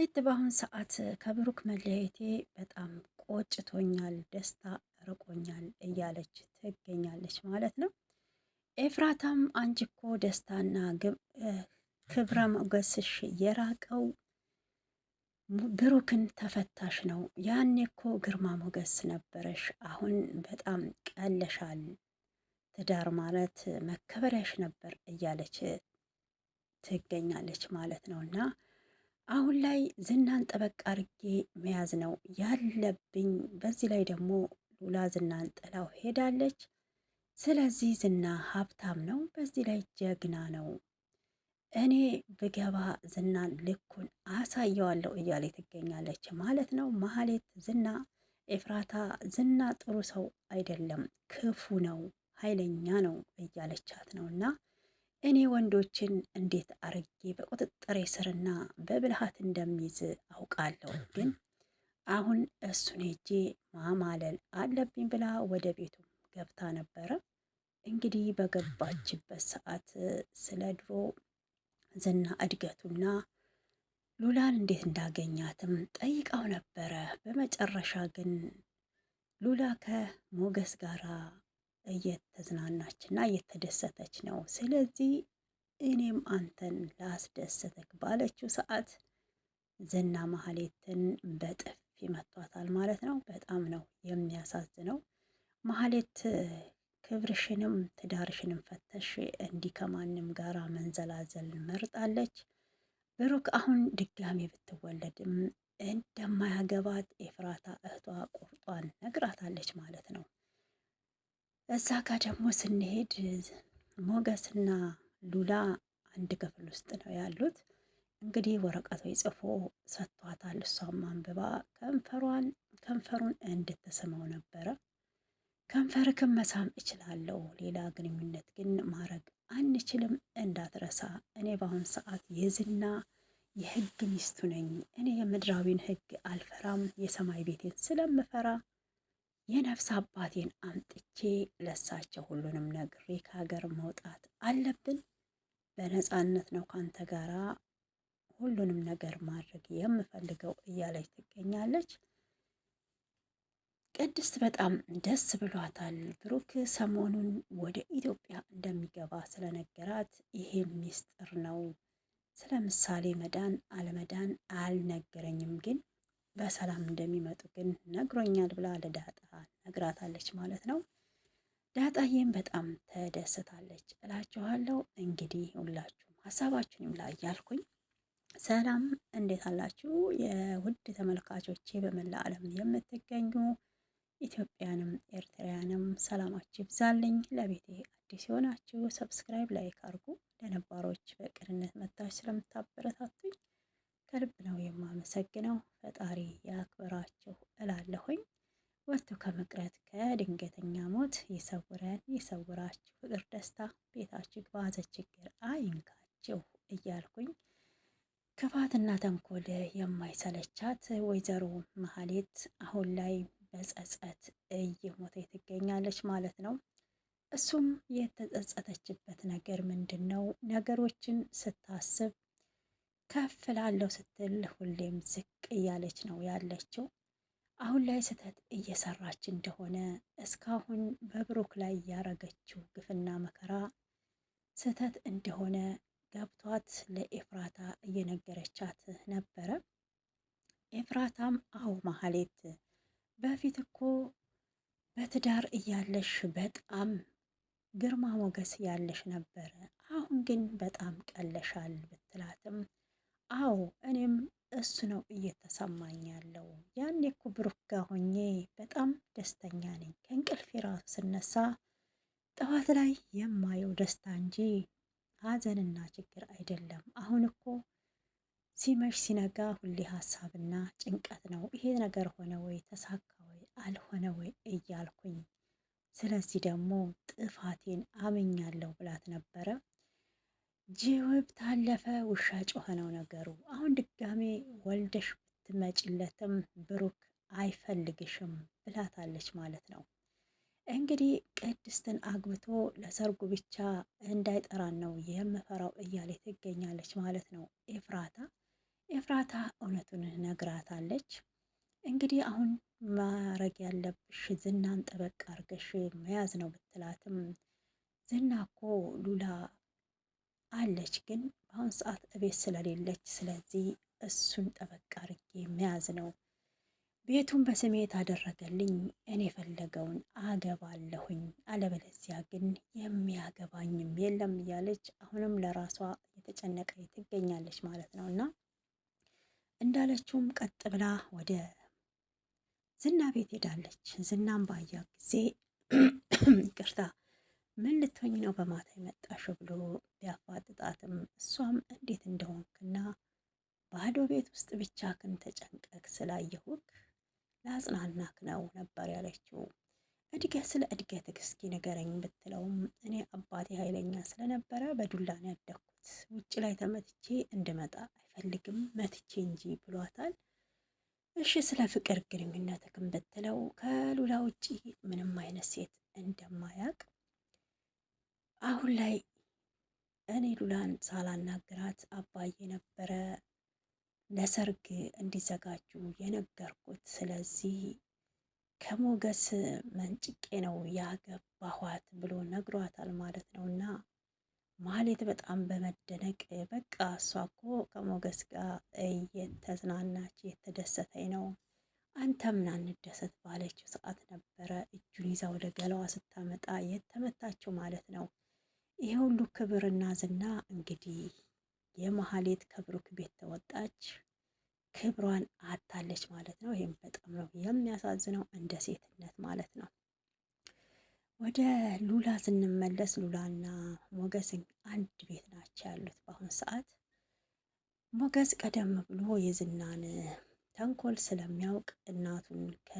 ሙሌት በአሁን ሰዓት ከብሩክ መለያየቴ በጣም ቆጭቶኛል፣ ደስታ ርቆኛል እያለች ትገኛለች ማለት ነው። ኤፍራታም አንቺ እኮ ደስታና ክብረ ሞገስሽ የራቀው ብሩክን ተፈታሽ ነው። ያኔ እኮ ግርማ ሞገስ ነበረሽ፣ አሁን በጣም ቀለሻል። ትዳር ማለት መከበሪያሽ ነበር እያለች ትገኛለች ማለት ነው እና አሁን ላይ ዝናን ጠበቅ አድርጌ መያዝ ነው ያለብኝ። በዚህ ላይ ደግሞ ሉላ ዝናን ጥላው ሄዳለች። ስለዚህ ዝና ሀብታም ነው፣ በዚህ ላይ ጀግና ነው። እኔ ብገባ ዝናን ልኩን አሳየዋለሁ እያለ ትገኛለች ማለት ነው። መሀሌት ዝና ኤፍራታ ዝና ጥሩ ሰው አይደለም፣ ክፉ ነው፣ ኃይለኛ ነው እያለቻት ነው እና እኔ ወንዶችን እንዴት አርጌ በቁጥጥሬ ስርና በብልሃት እንደሚይዝ አውቃለሁ፣ ግን አሁን እሱን ሄጄ ማማለል አለብኝ ብላ ወደ ቤቱም ገብታ ነበረ። እንግዲህ በገባችበት ሰዓት ስለ ድሮ ዝና እድገቱና ሉላን እንዴት እንዳገኛትም ጠይቃው ነበረ። በመጨረሻ ግን ሉላ ከሞገስ ጋራ እየተዝናናች እና እየተደሰተች ነው። ስለዚህ እኔም አንተን ላስደሰተክ ባለችው ሰዓት ዝና ማህሌትን በጥፊ መቷታል ማለት ነው። በጣም ነው የሚያሳዝነው። ማህሌት ክብርሽንም ትዳርሽንም ፈተሽ እንዲህ ከማንም ጋር መንዘላዘል መርጣለች። ብሩክ አሁን ድጋሚ ብትወለድም እንደማያገባት ኤፍራታ እህቷ ቁርጧን ነግራታለች ማለት ነው። እዛ ጋር ደግሞ ስንሄድ ሞገስና ሉላ አንድ ክፍል ውስጥ ነው ያሉት። እንግዲህ ወረቀቱ ጽፎ ሰጥቷታል። እሷም አንብባ ከንፈሯን ከንፈሩን እንድትስመው ነበረ። ከንፈርክን መሳም እችላለሁ፣ ሌላ ግንኙነት ግን ማድረግ አንችልም። እንዳትረሳ፣ እኔ በአሁን ሰዓት የዝና የህግ ሚስቱ ነኝ። እኔ የምድራዊን ህግ አልፈራም፣ የሰማይ ቤቴን ስለምፈራ የነፍስ አባቴን አምጥቼ ለሳቸው ሁሉንም ነግሬ ከሀገር መውጣት አለብን። በነፃነት ነው ካንተ ጋራ ሁሉንም ነገር ማድረግ የምፈልገው እያለች ትገኛለች። ቅድስት በጣም ደስ ብሏታል። ብሩክ ሰሞኑን ወደ ኢትዮጵያ እንደሚገባ ስለነገራት ይሄ ምስጢር ነው። ስለ ምሳሌ መዳን አለመዳን አልነገረኝም፣ ግን በሰላም እንደሚመጡ ግን ነግሮኛል ብላ ለዳጣ ነግራታለች ማለት ነው። ዳጣዬም በጣም ተደስታለች እላችኋለሁ። እንግዲህ ሁላችሁም ሀሳባችሁን ይምላ እያልኩኝ ሰላም እንዴት አላችሁ? የውድ ተመልካቾቼ በመላ ዓለም የምትገኙ ኢትዮጵያንም ኤርትራያንም ሰላማችሁ ይብዛልኝ። ለቤቴ አዲስ የሆናችሁ ሰብስክራይብ፣ ላይክ አርጉ። ለነባሮች በቅንነት መታች ስለምታበረታቱኝ ከልብ ነው የማመሰግነው። ፈጣሪ ያክብራችሁ እላለሁኝ። ወጥቶ ከመቅረት ከድንገተኛ ሞት ይሰውረን፣ ይሰውራችሁ። ፍቅር፣ ደስታ ቤታችሁ ግባ፣ ችግር አይንካችሁ እያልኩኝ ክፋትና ተንኮል የማይሰለቻት ወይዘሮ መሀሌት አሁን ላይ በጸጸት እየሞተ ትገኛለች ማለት ነው። እሱም የተጸጸተችበት ነገር ምንድን ነው? ነገሮችን ስታስብ ከፍ ላለው ስትል ሁሌም ዝቅ እያለች ነው ያለችው። አሁን ላይ ስህተት እየሰራች እንደሆነ እስካሁን በብሩክ ላይ ያረገችው ግፍና መከራ ስህተት እንደሆነ ገብቷት ለኤፍራታ እየነገረቻት ነበረ። ኤፍራታም አው ማህሌት በፊት እኮ በትዳር እያለሽ በጣም ግርማ ሞገስ ያለሽ ነበረ፣ አሁን ግን በጣም ቀለሻል ብትላትም አዎ እኔም እሱ ነው እየተሰማኝ ያለው። ያኔ እኮ ብሩክ ጋር ሆኜ በጣም ደስተኛ ነኝ። ከእንቅልፍ የራሱ ስነሳ ጠዋት ላይ የማየው ደስታ እንጂ ሀዘንና ችግር አይደለም። አሁን እኮ ሲመሽ ሲነጋ ሁሌ ሀሳብና ጭንቀት ነው። ይሄ ነገር ሆነ ወይ ተሳካ ወይ አልሆነ ወይ እያልኩኝ ስለዚህ ደግሞ ጥፋቴን አምኛለሁ ብላት ነበረ ጅብ ታለፈ ውሻ ጮኸ ነው ነገሩ። አሁን ድጋሜ ወልደሽ ብትመጭለትም ብሩክ አይፈልግሽም ብላታለች ማለት ነው። እንግዲህ ቅድስትን አግብቶ ለሰርጉ ብቻ እንዳይጠራን ነው የምፈራው እያለ ትገኛለች ማለት ነው። ኤፍራታ ኤፍራታ እውነቱን ነግራታለች። እንግዲህ አሁን ማረግ ያለብሽ ዝናን ጠበቅ አርገሽ መያዝ ነው ብትላትም ዝና እኮ ሉላ አለች፣ ግን በአሁን ሰዓት እቤት ስለሌለች፣ ስለዚህ እሱን ጠበቅ አርጌ መያዝ ነው። ቤቱን በስሜ ታደረገልኝ እኔ የፈለገውን አገባለሁኝ፣ አለበለዚያ ግን የሚያገባኝም የለም እያለች አሁንም ለራሷ እየተጨነቀ ትገኛለች ማለት ነው እና እንዳለችውም ቀጥ ብላ ወደ ዝና ቤት ሄዳለች። ዝናም ባያ ጊዜ ቅርታ ምን ልትሆኝ ነው በማታ የመጣሽው ብሎ እሷም እንዴት እንደሆንክና ባዶ ቤት ውስጥ ብቻህን ተጨንቀክ ስላየሁክ ላጽናናክ ነው ነበር ያለችው። እድገት ስለ እድገትክ እስኪ ንገረኝ ብትለውም እኔ አባቴ ኃይለኛ ስለነበረ በዱላ ነው ያደግኩት፣ ውጭ ላይ ተመትቼ እንድመጣ አይፈልግም መትቼ እንጂ ብሏታል። እሺ ስለ ፍቅር ግንኙነትክም ብትለው ከሉላ ውጪ ምንም አይነት ሴት እንደማያውቅ አሁን ላይ እኔ ሉላን ሳላናግራት አባዬ ነበረ ለሰርግ እንዲዘጋጁ የነገርኩት። ስለዚህ ከሞገስ መንጭቄ ነው ያገባኋት ብሎ ነግሯታል ማለት ነው። እና ማህሌት በጣም በመደነቅ በቃ እሷ እኮ ከሞገስ ጋር እየተዝናናች እየተደሰተኝ ነው፣ አንተ ምን አንደሰት ባለችው ሰዓት ነበረ እጁን ይዛ ወደ ገላዋ ስታመጣ የተመታቸው ማለት ነው። ይሄ ሁሉ ክብርና ዝና እንግዲህ የመሀሌት ከብሩክ ቤት ተወጣች፣ ክብሯን አታለች ማለት ነው። ይህም በጣም ነው የሚያሳዝነው እንደ ሴትነት ማለት ነው። ወደ ሉላ ስንመለስ ሉላና ሞገስ አንድ ቤት ናቸው ያሉት በአሁኑ ሰዓት። ሞገስ ቀደም ብሎ የዝናን ተንኮል ስለሚያውቅ እናቱን ከ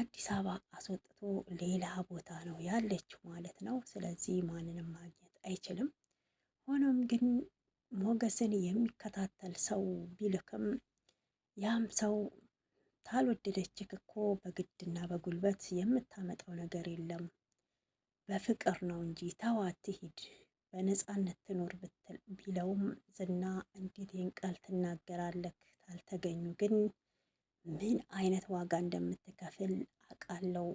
አዲስ አበባ አስወጥቶ ሌላ ቦታ ነው ያለችው ማለት ነው። ስለዚህ ማንንም ማግኘት አይችልም። ሆኖም ግን ሞገስን የሚከታተል ሰው ቢልክም ያም ሰው ታልወደደች እኮ በግድና በጉልበት የምታመጣው ነገር የለም፣ በፍቅር ነው እንጂ ተዋት ትሂድ፣ በነፃነት ትኖር ብትል ቢለውም ዝና እንዴት ይህን ቃል ትናገራለህ? ካልተገኙ ግን ምን አይነት ዋጋ እንደምትከፍል አውቃለሁ።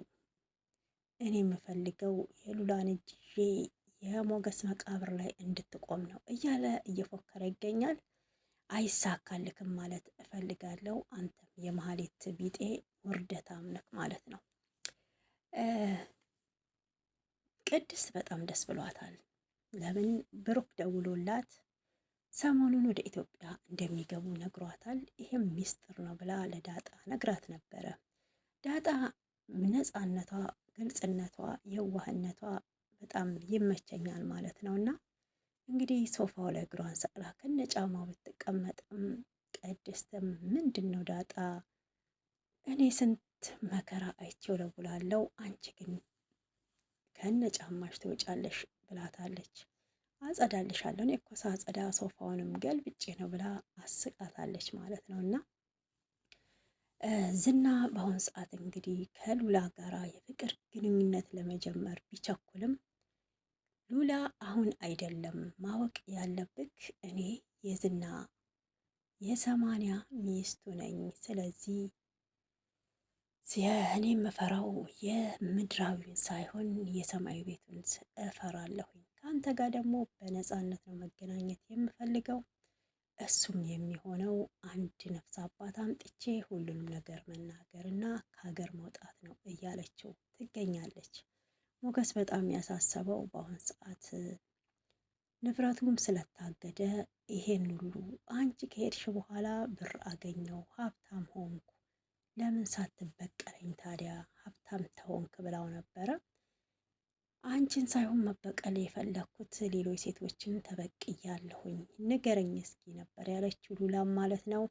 እኔ የምፈልገው የሉላን እጅ የሞገስ መቃብር ላይ እንድትቆም ነው እያለ እየፎከረ ይገኛል። አይሳካልክም ማለት እፈልጋለሁ። አንተም የመሀሌት ቢጤ ውርደታም ነህ ማለት ነው። ቅድስት በጣም ደስ ብሏታል። ለምን ብሩክ ደውሎላት ሰሞኑን ወደ ኢትዮጵያ እንደሚገቡ ነግሯታል። ይሄም ሚስጥር ነው ብላ ለዳጣ ነግራት ነበረ። ዳጣ ነፃነቷ፣ ግልጽነቷ፣ የዋህነቷ በጣም ይመቸኛል ማለት ነው እና እንግዲህ ሶፋው ላይ እግሯን ሰቅላ ከነጫማው ብትቀመጥም ቅድስትም ምንድን ነው ዳጣ እኔ ስንት መከራ አይቼው ለውላለው፣ አንቺ ግን ከነ ጫማሽ ትወጫለሽ ብላታለች። አጸዳልሻለሁ እኔ እኮ ሳጸዳ ሶፋውንም ገልብጬ ነው ብላ አስቃታለች ማለት ነው። እና ዝና በአሁኑ ሰዓት እንግዲህ ከሉላ ጋራ የፍቅር ግንኙነት ለመጀመር ቢቸኩልም ሉላ አሁን አይደለም ማወቅ ያለብክ እኔ የዝና የሰማንያ ሚስቱ ነኝ። ስለዚህ እኔ የምፈራው የምድራዊን ሳይሆን የሰማይ ቤቱን እፈራለሁኝ ከአንተ ጋር ደግሞ በነፃነት ነው መገናኘት የምፈልገው። እሱም የሚሆነው አንድ ነፍስ አባት አምጥቼ ሁሉንም ነገር መናገር እና ከሀገር መውጣት ነው እያለችው ትገኛለች። ሞገስ በጣም ያሳሰበው በአሁን ሰዓት ንብረቱም ስለታገደ ይሄን ሁሉ አንቺ ከሄድሽ በኋላ ብር አገኘው ሀብታም ሆንኩ ለምን ሳትበቀለኝ ታዲያ ሀብታም ተሆንክ ብላው ነበረ። አንቺን ሳይሆን መበቀል የፈለግኩት ሌሎች ሴቶችን ተበቅያለሁኝ፣ ንገረኝ እስኪ ነበር ያለችው ሉላም ማለት ነው።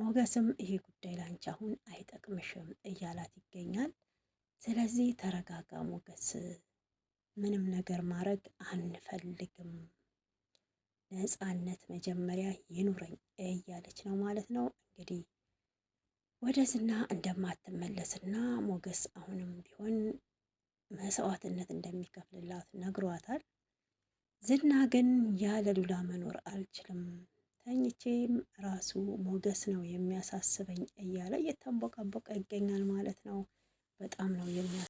ሞገስም ይሄ ጉዳይ ላንቺ አሁን አይጠቅምሽም እያላት ይገኛል። ስለዚህ ተረጋጋ ሞገስ፣ ምንም ነገር ማድረግ አንፈልግም፣ ነፃነት መጀመሪያ ይኑረኝ እያለች ነው ማለት ነው እንግዲህ ወደ ዝና እንደማትመለስና ሞገስ አሁንም ቢሆን መስዋዕትነት እንደሚከፍልላት ነግሯታል። ዝና ግን ያለ ሉላ መኖር አልችልም፣ ተኝቼም ራሱ ሞገስ ነው የሚያሳስበኝ እያለ እየተንቦቀቦቀ ይገኛል ማለት ነው። በጣም ነው የሚያ